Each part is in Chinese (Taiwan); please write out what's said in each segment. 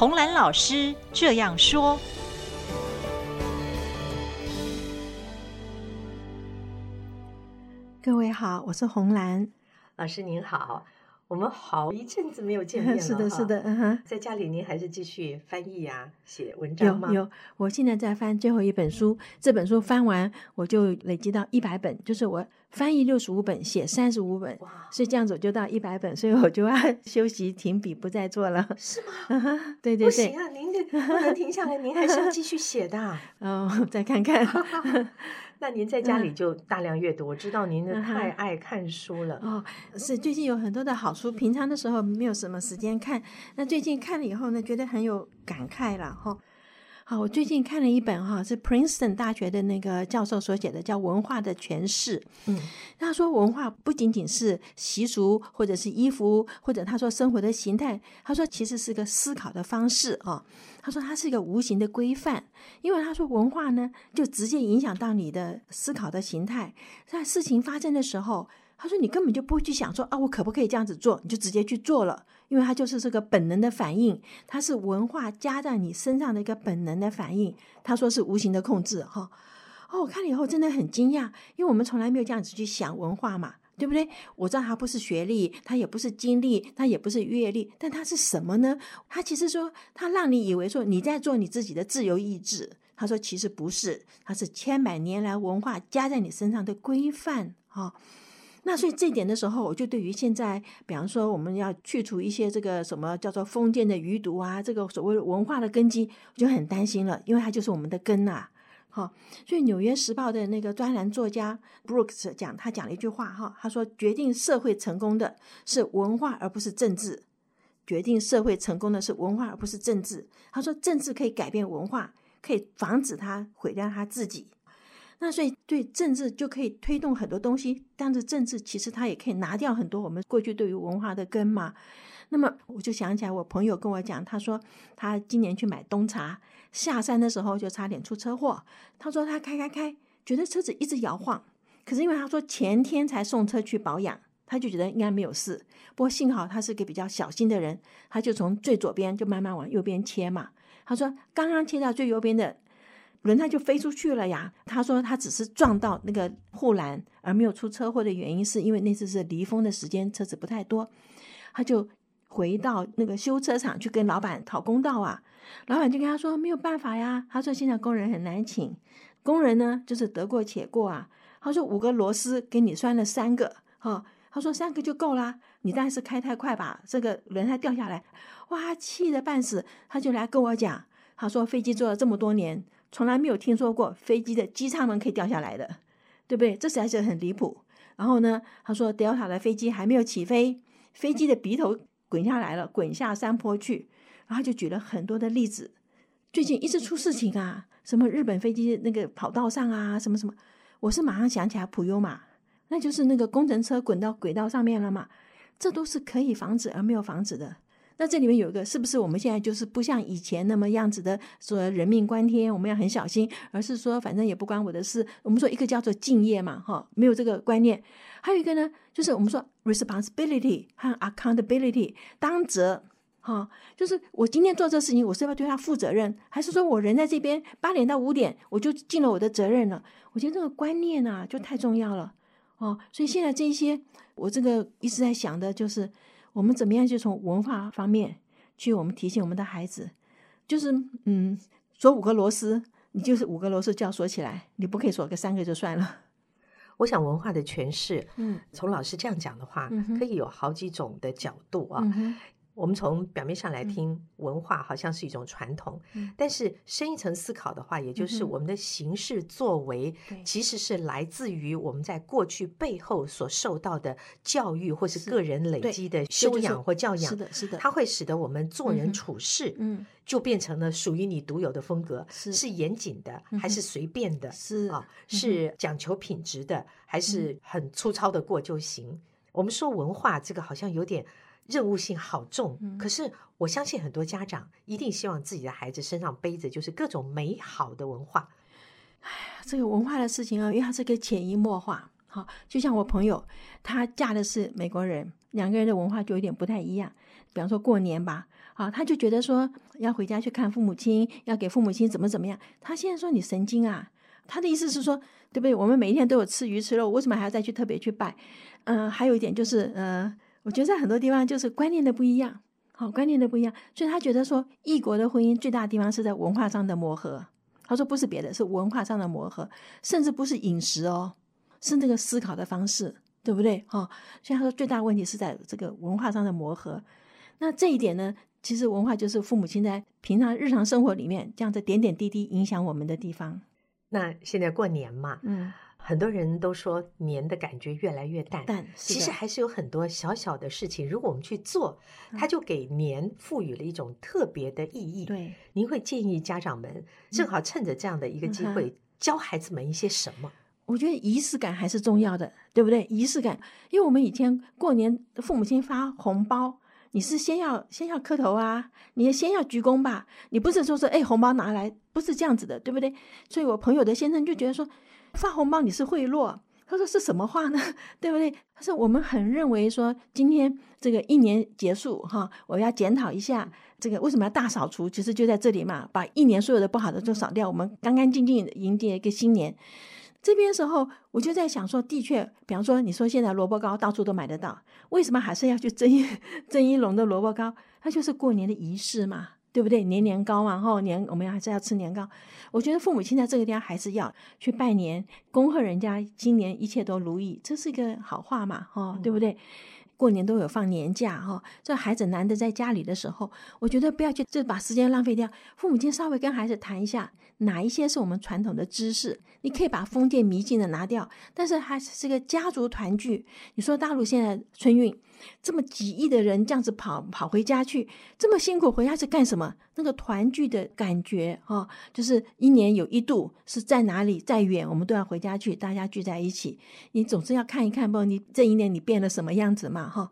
洪蘭老師這樣說：“各位好，我是洪蘭。老師您好。”我們好一陣子沒有見面了。是的，是的，嗯哼，在家裡您還是繼續翻譯啊，寫文章嗎？有有，我現在在翻最後一本書，嗯、這本書翻完我就累積到一百本，就是我翻譯六十五本，寫三十五本，哇，所以這樣子就到一百本，所以我就要休息停筆不再做了。是嗎？ 對對對。不行啊，您不能停下來， 您還是要繼續寫的、啊。嗯、哦，再看看。 那您在家裡就大量閱讀，嗯、我知道您呢太愛看書了。嗯、哦，是最近有很多的好書，嗯、平常的時候沒有什麼時間看，那最近看了以後呢，覺得很有感慨了哈。好，我最近看了一本哈，是 Princeton 大學的那個教授所寫的，叫《文化的詮釋》。嗯，他說文化不僅僅是習俗，或者是衣服，或者他說生活的形態。他說其實是個思考的方式啊、哦。他說它是一個無形的規範，因為他說文化呢，就直接影響到你的思考的形態。在事情發生的時候。他說：“你根本就不去想說啊，我可不可以這樣子做？你就直接去做了，因為他就是這個本能的反應，他是文化加在你身上的一個本能的反應。”他說：“是無形的控制。哦”哈哦，我看了以後真的很驚訝，因為我們從來沒有這樣子去想文化嘛，對不對？我知道他不是學歷，他也不是經歷，他也不是閱歷，但他是什麼呢？他其實說他讓你以為說你在做你自己的自由意志，他說其實不是，他是千百年來文化加在你身上的規範。哦”哈。那所以這一點的時候，我就對於現在，比方說我們要去除一些這個什麼叫做封建的餘毒啊，這個所謂的文化的根基，我就很擔心了，因為它就是我們的根吶、啊。好、哦，所以《紐約時報》的那個專欄作家 Brooks 講，他講了一句話哈，他說：“決定社會成功的是文化，而不是政治；決定社會成功的是文化，而不是政治。”他說：“政治可以改變文化，可以防止它毀掉它自己。”那所以對政治就可以推動很多東西，但是政治其實它也可以拿掉很多我們過去對於文化的根嘛。那麼我就想起來，我朋友跟我講，他說他今年去買冬茶，下山的時候就差點出車禍。他說他開開開，覺得車子一直搖晃，可是因為他說前天才送車去保養，他就覺得應該沒有事。不過幸好他是個比較小心的人，他就從最左邊就慢慢往右邊切嘛。他說剛剛切到最右邊的。輪胎就飛出去了呀！他說他只是撞到那個護欄，而沒有出車禍的原因是因為那次是離峰的時間，車子不太多。他就回到那個修車廠去跟老闆討公道啊！老闆就跟他說沒有辦法呀。他說現在工人很難請，工人呢就是得過且過啊。他說五個螺絲給你拴了三個，哈，他說三個就夠啦，你但是開太快吧？這個輪胎掉下來，哇，氣得半死。他就來跟我講，他說飛機坐了這麼多年。從來沒有聽說過飛機的機艙門可以掉下來的，對不對？這實在是很離譜。然後呢，他說 Delta 的飛機還沒有起飛，飛機的鼻頭滾下來了，滾下山坡去。然後就舉了很多的例子，最近一直出事情啊，什麼日本飛機那個跑道上啊，什麼什麼。我是馬上想起來普悠瑪，那就是那個工程車滾到軌道上面了嘛。這都是可以防止而沒有防止的。那這裡面有一個，是不是我們現在就是不像以前那麼樣子的，說人命關天，我們要很小心，而是說反正也不關我的事。我們說一個叫做敬業嘛，哈，沒有這個觀念。還有一個呢，就是我們說 responsibility 和 accountability，當責，哈，就是我今天做這事情，我是要對他負責任？還是說我人在這邊八點到五點，我就盡了我的責任了？我覺得這個觀念呢、啊，就太重要了，哦，所以現在這一些，我這個一直在想的就是。我們怎麼樣就從文化方面去，我們提醒我們的孩子，就是嗯，鎖五個螺絲，你就是五個螺絲就要鎖起來，你不可以鎖個三個就算了。我想文化的詮釋，嗯，從老師這樣講的話，嗯、哼可以有好幾種的角度啊。嗯我們從表面上來聽，文化好像是一種傳統，嗯、但是深一層思考的話，也就是我們的行事作為，其實是來自於我們在過去背後所受到的教育，或是個人累積的修養或教養。是，是，就是、是的，是的，它會使得我們做人處事，嗯，就變成了屬於你獨有的風格，是，是嚴謹的還是隨便的？是啊、哦，是講求品質的，還是很粗糙的過就行？嗯、我們說文化，這個好像有點。任務性好重，嗯、可是我相信很多家長一定希望自己的孩子身上背着就是各種美好的文化。哎，這個文化的事情啊，因為它是個潛移默化。好，就像我朋友，她嫁的是美國人，兩個人的文化就有點不太一樣。比方說過年吧，啊，她就覺得說要回家去看父母親，要給父母親怎麼怎麼樣。她現在說你神經啊，她的意思是說，對不對？我們每一天都有吃魚吃肉，為什麼還要再去特別去拜？嗯、呃，還有一點就是，呃。我覺得在很多地方就是觀念的不一樣，好、哦、觀念的不一樣，所以他覺得說異國的婚姻最大的地方是在文化上的磨合。他說不是別的，是文化上的磨合，甚至不是飲食哦，是這個思考的方式，對不對？哈、哦，所以他說最大問題是在這個文化上的磨合。那這一點呢，其實文化就是父母親在平常日常生活裡面這樣子點點滴滴影響我們的地方。那現在過年嘛，嗯。很多人都說年的感覺越來越淡，淡，其實還是有很多小小的事情，的如果我們去做，它就給年賦予了一種特別的意義。對、嗯，您會建議家長們，正好趁着這樣的一個機會，教孩子們一些什麼、嗯嗯？我覺得儀式感還是重要的，對不對？儀式感，因為我們以前過年，父母親發紅包。你是先要先要磕頭啊，你先要鞠躬吧，你不是說說誒、哎，紅包拿來，不是這樣子的，對不對？所以，我朋友的先生就覺得說，發紅包你是賄賂，他說是什麼話呢？對不對？他說我們很認為說，今天這個一年結束哈，我要檢討一下，這個為什麼要大掃除，其實就在這裡嘛，把一年所有的不好的都掃掉，我們乾乾淨淨迎接一個新年。這邊時候，我就在想說，的確，比方說，你說現在蘿蔔糕到處都買得到，為什麼還是要去蒸一蒸一籠的蘿蔔糕？它就是過年的儀式嘛，對不對？年年糕嘛，後、哦、年我們要還是要吃年糕。我覺得父母親在這個地方還是要去拜年，恭賀人家今年一切都如意，這是一個好話嘛，哦嗯、對不對？過年都有放年假哈、哦，這孩子難得在家裡的時候，我覺得不要去，就把時間浪費掉。父母親稍微跟孩子談一下，哪一些是我們傳統的知識，你可以把封建迷信的拿掉。但是還是一個家族團聚。你說大陸現在春運這麼幾億的人這樣子跑跑回家去，這麼辛苦回家去幹什麼？那個團聚的感覺哈、哦，就是一年有一度，是在哪裡再遠，我們都要回家去，大家聚在一起。你總是要看一看不？你這一年你變了什麼樣子嘛？哈、哦，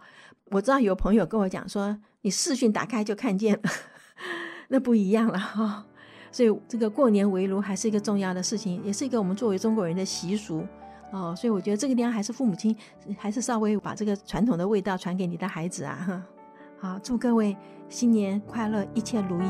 我知道有朋友跟我講說，你視訊打開就看見了，呵呵，那不一樣了哈、哦。所以這個過年圍爐還是一個重要的事情，也是一個我們作為中國人的習俗哦。所以我覺得這個地方還是父母親還是稍微把這個傳統的味道傳給你的孩子啊。哈，好，祝各位新年快樂，一切如意。